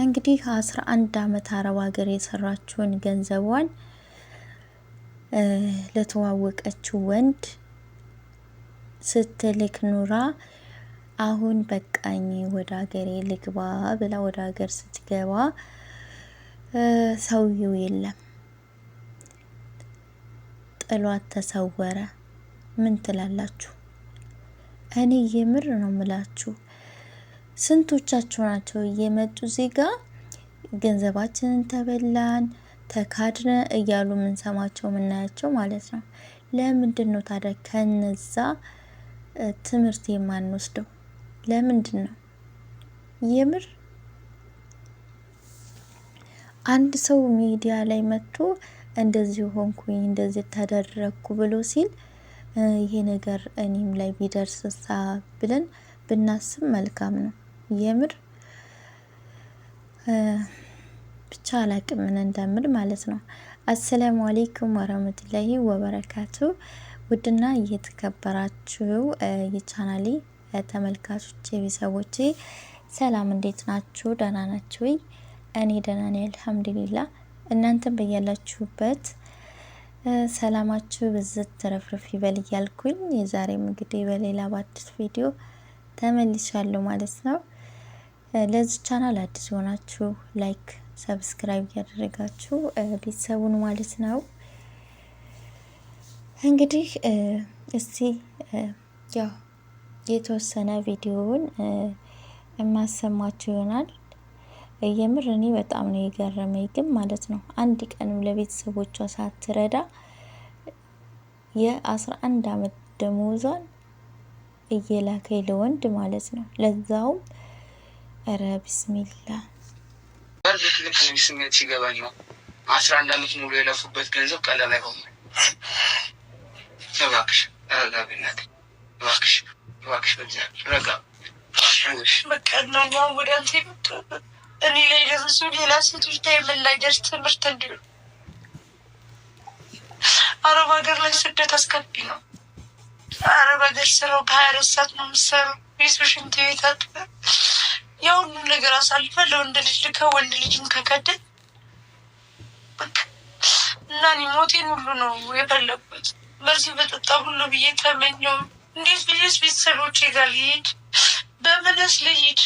እንግዲህ አስራ አንድ አመት አረብ ሀገር የሰራችውን ገንዘቧን ለተዋወቀችው ወንድ ስትልክ ኑራ አሁን በቃኝ ወደ ሀገሬ ልግባ ብላ ወደ ሀገር ስትገባ ሰውየው የለም፣ ጥሏት ተሰወረ። ምን ትላላችሁ? እኔ የምር ነው ምላችሁ ስንቶቻቸው ናቸው እየመጡ ዜጋ ገንዘባችንን ተበላን ተካድነ እያሉ የምንሰማቸው የምናያቸው ማለት ነው። ለምንድን ነው ታዲያ ከነዛ ትምህርት የማንወስደው? ለምንድን ነው የምር አንድ ሰው ሚዲያ ላይ መጥቶ እንደዚህ ሆንኩኝ እንደዚህ ተደረግኩ ብሎ ሲል ይሄ ነገር እኔም ላይ ቢደርስሳ ብለን ብናስብ መልካም ነው። የምር ብቻ አላቅም ምን እንደምል ማለት ነው። አሰላሙ አሌይኩም ወረህመቱላሂ ወበረካቱ። ውድና እየተከበራችሁ የቻናሌ ተመልካቾች የቤተሰቦቼ ሰላም፣ እንዴት ናችሁ? ደህና ናችሁ? እኔ ደህና ነኝ አልሐምዱሊላ። እናንተም በያላችሁበት ሰላማችሁ ብዝት ትረፍርፍ ይበል እያልኩኝ የዛሬም እንግዲህ በሌላ በአዲስ ቪዲዮ ተመልሻለሁ ማለት ነው። ለዚህ ቻናል አዲስ የሆናችሁ ላይክ፣ ሰብስክራይብ እያደረጋችሁ ቤተሰቡን ማለት ነው። እንግዲህ እስቲ ያው የተወሰነ ቪዲዮውን የማሰማችሁ ይሆናል። የምር እኔ በጣም ነው የገረመኝ ግን ማለት ነው አንድ ቀንም ለቤተሰቦቿ ሳትረዳ የአስራ አንድ አመት ደሞዟን እየላከኝ ለወንድ ማለት ነው ለዛውም ኧረ ቢስሚላ በእርግጥ ልክ ስሜት ሲገባኝ ነው አስራ አንድ አመት ሙሉ የለፉበት ገንዘብ ቀለል አይሆንም። እባክሽ ረጋቢናት፣ እባክሽ እባክሽ፣ በዚያ ረጋ መቀናኛ ነው ወደ አንተ የመጡ እኔ ላይ ደርሱ ሌላ ሴቶች ላይ የምላይደርስ ትምህርት እንዲሉ አረብ ሀገር ላይ ስደት አስከፊ ነው። አረብ ሀገር ስራው ከሀያ አራት ሰዓት ነው የምትሰራው። ቤት ሽንት ቤት አጥበ የሁሉ ነገር አሳልፈ ለወንድ ልጅ ልከ ወንድ ልጅም ከከደ እና እኔ ሞቴን ሁሉ ነው የፈለጉት። በዚህ በጠጣ ሁሉ ብዬ ተመኘው። እንዴት ብዬስ ቤተሰቦቼ ጋር ልሄድ? በምንስ ልሄድ?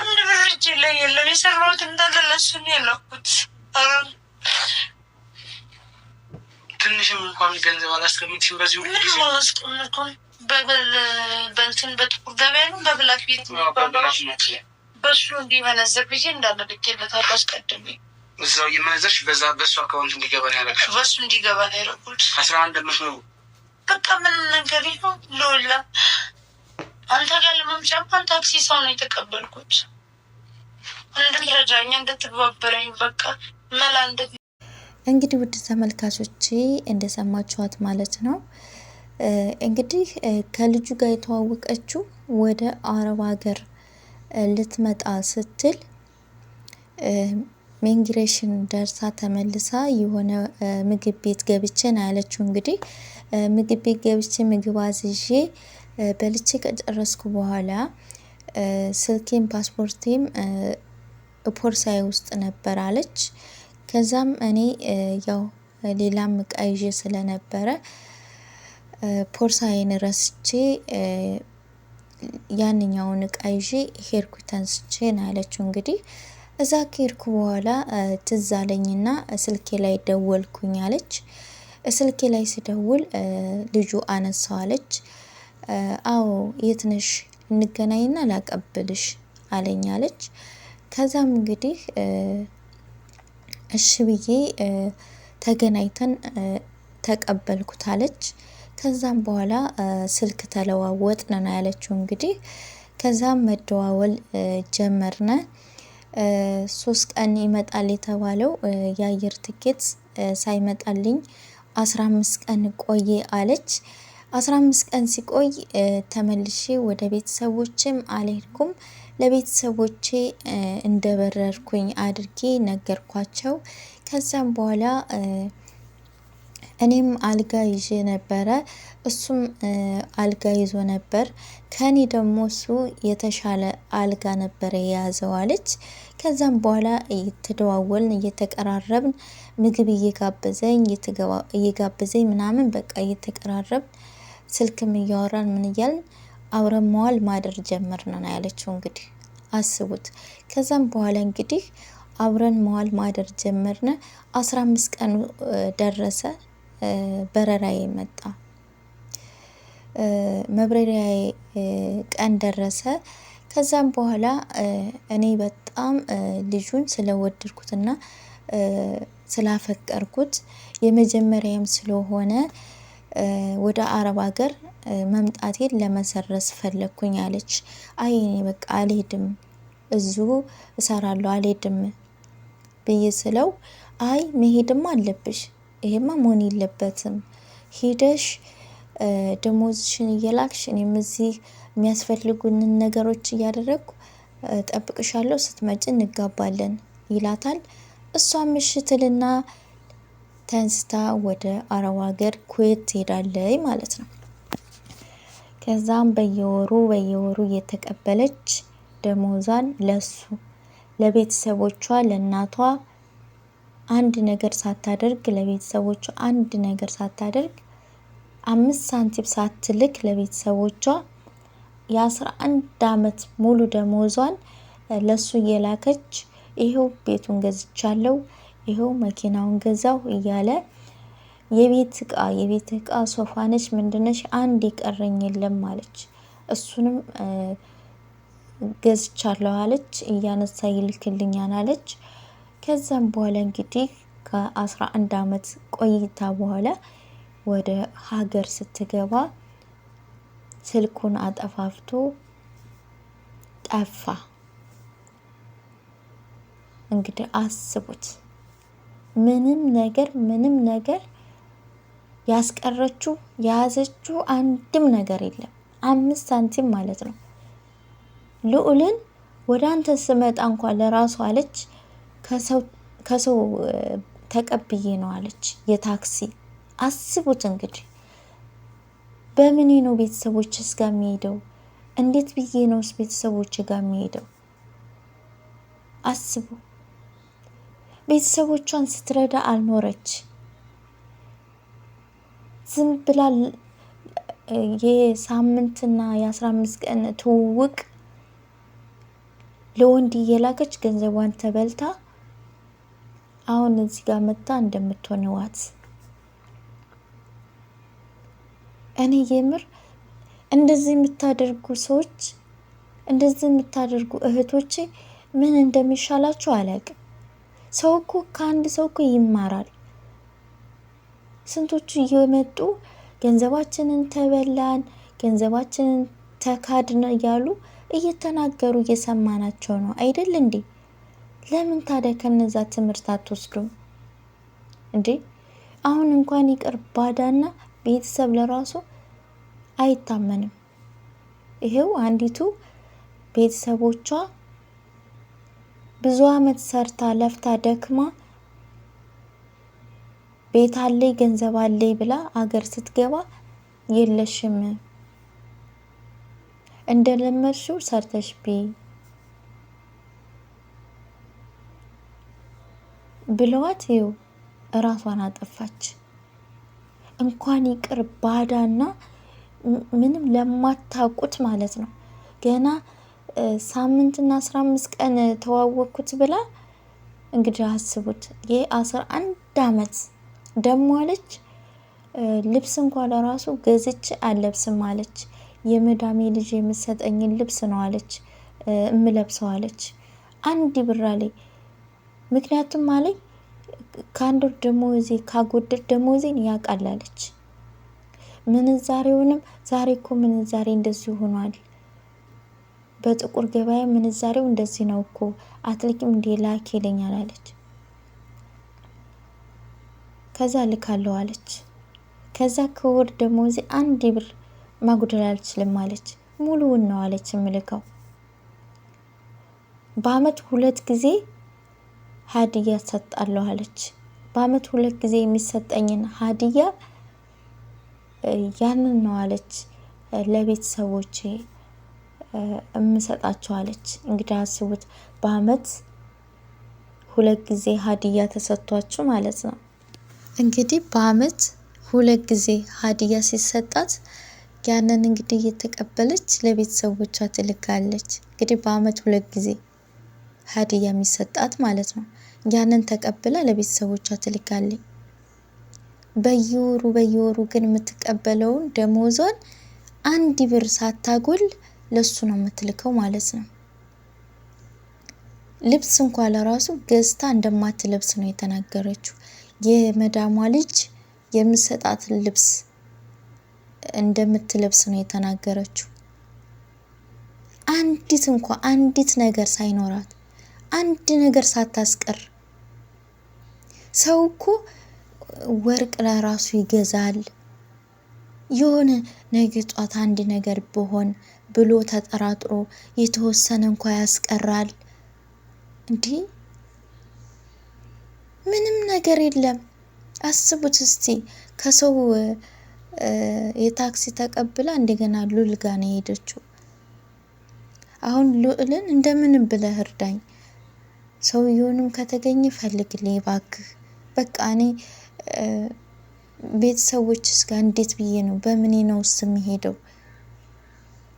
አንድ ብር እጄ ላይ የለም። የሰራሁት እንዳለ ለሱን የላኩት። ትንሽም እንኳን ገንዘብ አላስቀምጥም። በዚህ ሁሉ አላስቀምጥም በእንትን በጥቁር ገበያ ነው በብላክ ቤት በሱ እንዲመነዘር ብዬ እንዳለ ልኬለታለሁ አስቀድሜ እዛው እየመነዘርሽ በዛ በሱ አካውንት እንዲገባ ነው ያደረግሽው። በሱ እንዲገባ ነው ያደረጉት። አስራ አንድ ምሽ ነው በቃ ምን ነገር ይሁ ልውላ አንተ ጋር ለመምጫ ታክሲ ሰው ነው የተቀበልኩት። እንድትረዳኝ እንድትባበረኝ በቃ መላ እንድት እንግዲህ ውድ ተመልካቾቼ እንደሰማችኋት ማለት ነው እንግዲህ ከልጁ ጋር የተዋወቀችው ወደ አረብ ሀገር ልትመጣ ስትል ኢሚግሬሽን ደርሳ ተመልሳ የሆነ ምግብ ቤት ገብቼ ነው ያለችው። እንግዲህ ምግብ ቤት ገብቼ ምግብ አዝዤ በልቼ ከጨረስኩ በኋላ ስልኬም ፓስፖርቴም ፖርሳዬ ውስጥ ነበር አለች። ከዛም እኔ ያው ሌላም እቃ ይዤ ስለነበረ ፖርሳዬን ረስቼ ያንኛውን እቃ ይዤ ሄድኩ ተንስቼ ነው ያለችው። እንግዲህ እዛ ከሄድኩ በኋላ ትዝ አለኝና ስልኬ ላይ ደወልኩኝ አለች። ስልኬ ላይ ስደውል ልጁ አነሳው አለች። አዎ የት ነሽ እንገናኝና ላቀብልሽ አለኝ አለች። ከዛም እንግዲህ እሺ ብዬ ተገናኝተን ተቀበልኩት አለች። ከዛም በኋላ ስልክ ተለዋወጥን ነው ያለችው። እንግዲህ ከዛም መደዋወል ጀመርነ። ሶስት ቀን ይመጣል የተባለው የአየር ትኬት ሳይመጣልኝ አስራ አምስት ቀን ቆየ አለች። አስራ አምስት ቀን ሲቆይ ተመልሼ ወደ ቤተሰቦችም አልሄድኩም። ለቤተሰቦቼ እንደበረርኩኝ አድርጌ ነገርኳቸው። ከዛም በኋላ እኔም አልጋ ይዤ ነበረ እሱም አልጋ ይዞ ነበር። ከኔ ደግሞ እሱ የተሻለ አልጋ ነበረ የያዘው አለች። ከዛም በኋላ እየተደዋወልን እየተቀራረብን ምግብ እየጋበዘኝ እየጋበዘኝ ምናምን በቃ እየተቀራረብን ስልክም እያወራን ምን እያልን አብረን መዋል ማደር ጀመርን ነው ያለችው። እንግዲህ አስቡት። ከዛም በኋላ እንግዲህ አብረን መዋል ማደር ጀመርን። አስራ አምስት ቀኑ ደረሰ። በረራዬ መጣ። መብረሪያዬ ቀን ደረሰ። ከዛም በኋላ እኔ በጣም ልጁን ስለወደድኩትና ስላፈቀርኩት የመጀመሪያም ስለሆነ ወደ አረብ ሀገር መምጣቴን ለመሰረስ ፈለግኩኝ አለች። አይ እኔ በቃ አልሄድም፣ እዙ እሰራለሁ፣ አልሄድም ብዬ ስለው አይ መሄድም አለብሽ ይሄማ መሆን የለበትም ሄደሽ ደሞዝሽን እየላክሽ እኔም እዚህ የሚያስፈልጉንን ነገሮች እያደረግኩ ጠብቅሻለሁ፣ ስትመጭ እንጋባለን ይላታል። እሷ ምሽትልና ተንስታ ወደ አረብ ሀገር ኩዌት ትሄዳለች ማለት ነው። ከዛም በየወሩ በየወሩ እየተቀበለች ደሞዛን ለሱ ለቤተሰቦቿ ለእናቷ አንድ ነገር ሳታደርግ ለቤተሰቦቿ አንድ ነገር ሳታደርግ አምስት ሳንቲም ሳትልክ ለቤተሰቦቿ የአስራ አንድ አመት ሙሉ ደሞዟን ለሱ እየላከች ይሄው ቤቱን ገዝቻለሁ፣ ይሄው መኪናውን ገዛው እያለ የቤት እቃ የቤት እቃ ሶፋነች ምንድነች አንድ ይቀረኝ የለም አለች። እሱንም ገዝቻለሁ አለች። እያነሳ ይልክልኛል አለች። ከዛም በኋላ እንግዲህ ከ11 ዓመት ቆይታ በኋላ ወደ ሀገር ስትገባ ስልኩን አጠፋፍቶ ጠፋ። እንግዲህ አስቡት። ምንም ነገር ምንም ነገር ያስቀረችው የያዘችው አንድም ነገር የለም። አምስት ሳንቲም ማለት ነው። ልዑልን ወደ አንተ ስመጣ እንኳን ለራሱ አለች ከሰው ተቀብዬ ነው አለች። የታክሲ አስቡት እንግዲህ በምን ነው ቤተሰቦች ጋር የሚሄደው? እንዴት ብዬ ነውስ ቤተሰቦች ጋር የሚሄደው? አስቡ። ቤተሰቦቿን ስትረዳ አልኖረች። ዝም ብላ የሳምንትና የአስራ አምስት ቀን ትውውቅ ለወንድ እየላከች ገንዘቧን ተበልታ አሁን እዚህ ጋር መታ እንደምትሆንዋት እኔ የምር እንደዚህ የምታደርጉ ሰዎች እንደዚህ የምታደርጉ እህቶቼ ምን እንደሚሻላችሁ አላውቅም። ሰው እኮ ከአንድ ሰው እኮ ይማራል። ስንቶቹ እየመጡ ገንዘባችንን ተበላን፣ ገንዘባችንን ተካድነ እያሉ እየተናገሩ እየሰማናቸው ነው አይደል እንዴ? ለምን ታዲያ ከነዛ ትምህርት አትወስዱም እንዴ? አሁን እንኳን ይቅር ባዳና ቤተሰብ ለራሱ አይታመንም። ይሄው አንዲቱ ቤተሰቦቿ ብዙ አመት ሰርታ ለፍታ ደክማ ቤት አለኝ ገንዘብ አለኝ ብላ አገር ስትገባ የለሽም እንደለመድሽው ሰርተሽ ቢ ብለዋት ይው እራሷን አጠፋች። እንኳን ይቅር ባዳና ምንም ለማታውቁት ማለት ነው። ገና ሳምንትና አስራ አምስት ቀን ተዋወቅኩት ብላ እንግዲህ አስቡት። ይህ አስራ አንድ አመት ደሞ አለች። ልብስ እንኳ ለራሱ ገዝቼ አለብስም አለች። የመዳሜ ልጅ የምሰጠኝን ልብስ ነው አለች እምለብሰው አለች። አንድ ብራ ላይ ምክንያቱም አለኝ ከአንድ ወር ደሞዜ ካጎደል ደሞዜን ያቃላለች። ምንዛሬውንም ዛሬ እኮ ምንዛሬ እንደዚህ ሆኗል። በጥቁር ገበያ ምንዛሬው እንደዚህ ነው እኮ አትልኪም እንዴ ላክ ይለኛል አለች። ከዛ ልካለሁ አለች። ከዛ ከወር ደሞዜ አንድ ብር ማጉደል አልችልም አለች። ሙሉውን ነው አለች የምልከው በአመት ሁለት ጊዜ ሀዲያ ሰጣለሁ አለች። በአመት ሁለት ጊዜ የሚሰጠኝን ሀዲያ ያንን ነው አለች ለቤተሰቦቼ እምሰጣቸዋለች። እንግዲህ አስቡት በአመት ሁለት ጊዜ ሀዲያ ተሰጥቷችሁ ማለት ነው። እንግዲህ በአመት ሁለት ጊዜ ሀዲያ ሲሰጣት ያንን እንግዲህ እየተቀበለች ለቤተሰቦቿ ትልካለች። እንግዲህ በአመት ሁለት ጊዜ ሀዲያ የሚሰጣት ማለት ነው። ያንን ተቀብላ ለቤተሰቦቿ ትልካለች። በየወሩ በየወሩ ግን የምትቀበለውን ደሞዟን አንድ ብር ሳታጎል ለሱ ነው የምትልከው ማለት ነው። ልብስ እንኳ ለራሱ ገዝታ እንደማትለብስ ነው የተናገረችው። የመዳሟ ልጅ የምሰጣት ልብስ እንደምትለብስ ነው የተናገረችው። አንዲት እንኳ አንዲት ነገር ሳይኖራት አንድ ነገር ሳታስቀር። ሰው እኮ ወርቅ ለራሱ ይገዛል። የሆነ ነገ ጧት አንድ ነገር ብሆን ብሎ ተጠራጥሮ የተወሰነ እንኳ ያስቀራል። እንዲህ ምንም ነገር የለም። አስቡት እስቲ ከሰው የታክሲ ተቀብላ እንደገና ሉል ጋር ነው የሄደችው። አሁን ሉዕልን እንደምንም ብለህ እርዳኝ ሰውየውንም ከተገኘ ፈልግልኝ እባክህ። በቃ እኔ ቤተሰቦችስ ጋር እንዴት ብዬ ነው በምኔ ነው ስም የሚሄደው?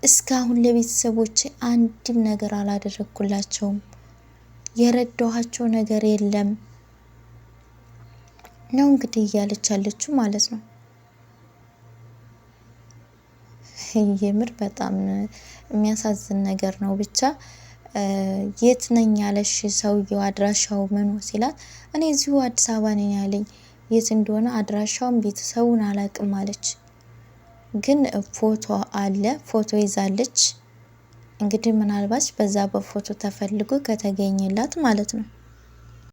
እስካሁን ለቤተሰቦች አንድም ነገር አላደረግኩላቸውም። የረዳኋቸው ነገር የለም ነው እንግዲህ እያለች ያለችው ማለት ነው። የምር በጣም የሚያሳዝን ነገር ነው ብቻ የት ነኝ ያለሽ ሰውየው አድራሻው ምኑ ሲላት እኔ እዚሁ አዲስ አበባ ነኝ ያለኝ የት እንደሆነ አድራሻውን ቤተሰቡን አላቅም አለች። ግን ፎቶ አለ ፎቶ ይዛለች። እንግዲህ ምናልባት በዛ በፎቶ ተፈልጎ ከተገኘላት ማለት ነው።